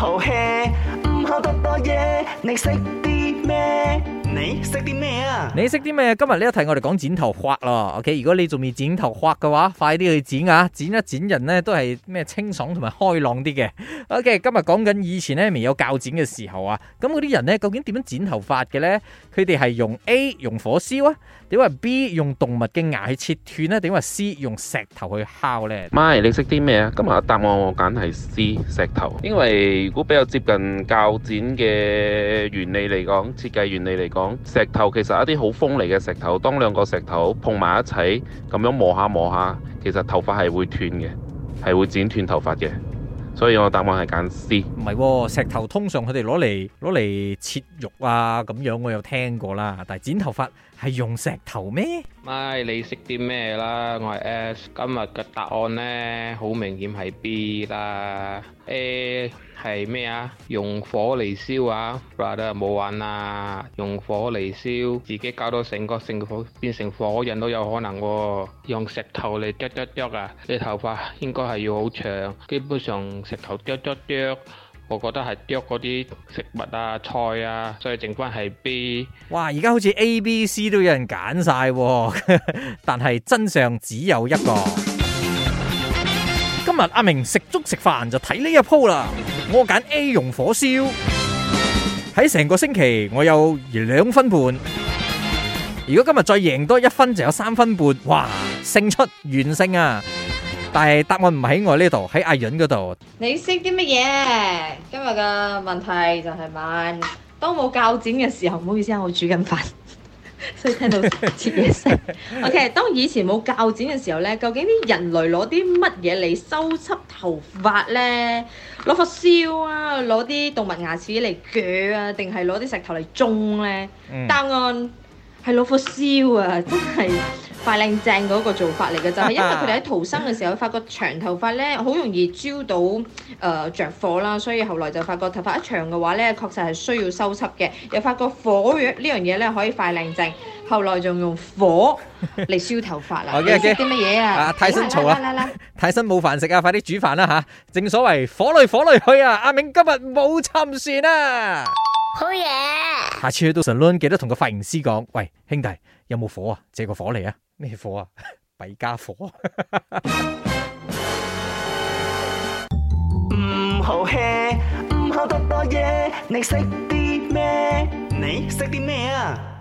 豪氣唔好多多嘢，你識啲咩？ 識啲咩啊？你識啲咩？今日呢一題我哋講剪頭髮咯。OK，如果你仲未剪頭髮嘅話，快啲去剪啊！剪一剪人呢都係咩清爽，同埋開朗啲嘅。OK，今日講緊以前呢未有鉸剪嘅時候啊，咁嗰啲人呢，究竟點樣剪頭髮嘅呢？佢哋係用 A 用火燒啊？點解 B 用動物嘅牙去切斷呢，啊？點解 C 用石頭去敲呢？媽你識啲咩啊？今日答案我揀係 C 石頭，因為如果比較接近鉸剪嘅原理嚟講，設計原理嚟講。石頭其實一啲好鋒利嘅石頭，當兩個石頭碰埋一齊，咁樣磨下磨下，其實頭髮係會斷嘅，係會剪斷頭髮嘅。所以我答案係揀 C。唔係，石頭通常佢哋攞嚟攞嚟切肉啊，咁樣我有聽過啦。但係剪頭髮。係用石頭咩？咪你食啲咩啦？我係 S，今日嘅答案呢，好明顯係 B 啦。A 係咩啊？用火嚟燒啊？嗱都係冇玩啊！用火嚟燒，自己搞到成個成火變成火人都有可能。用石頭嚟啄啄啄啊！你頭髮應該係要好長，基本上石頭啄啄啄。我覺得係剁嗰啲食物啊、菜啊，所以整翻係 B。哇！而家好似 A、B、C 都有人揀晒，但係真相只有一個。今日阿明食粥食飯就睇呢一鋪啦。我揀 A 用火燒。喺成個星期，我有贏兩分半。如果今日再贏多一分，就有三分半。哇！勝出完勝啊！但係答案唔喺我呢度，喺阿允嗰度。你識啲乜嘢？今日嘅問題就係問，當冇鉸剪嘅時候，唔好意思啊，我煮緊飯，所以聽到切嘢聲。OK，當以前冇鉸剪嘅時候咧，究竟啲人類攞啲乜嘢嚟收葺頭髮咧？攞火燒啊？攞啲動物牙齒嚟鋸啊？定係攞啲石頭嚟舂咧？答案？係攞火燒啊！真係快靚正嗰個做法嚟嘅，就係因為佢哋喺逃生嘅時候發覺長頭髮咧，好容易招到誒着、呃、火啦，所以後來就發覺頭髮一長嘅話咧，確實係需要收葺嘅，又發覺火藥呢樣嘢咧，可以快靚正，後來仲用火嚟燒頭髮啦。O K O K 啲乜嘢啊？啊，太辛苦啦！拉拉太辛冇飯食啊！快啲煮飯啦嚇！正所謂火雷火雷去啊！阿明今日冇沉船啊！ 好嘢、啊！下次去到神窿，記得同個髮型師講，喂，兄弟，有冇火啊？借個火嚟啊！咩火啊？弊家火！唔、 嗯、好吃，唔、嗯、好多多嘢，你食啲咩？你食啲咩啊？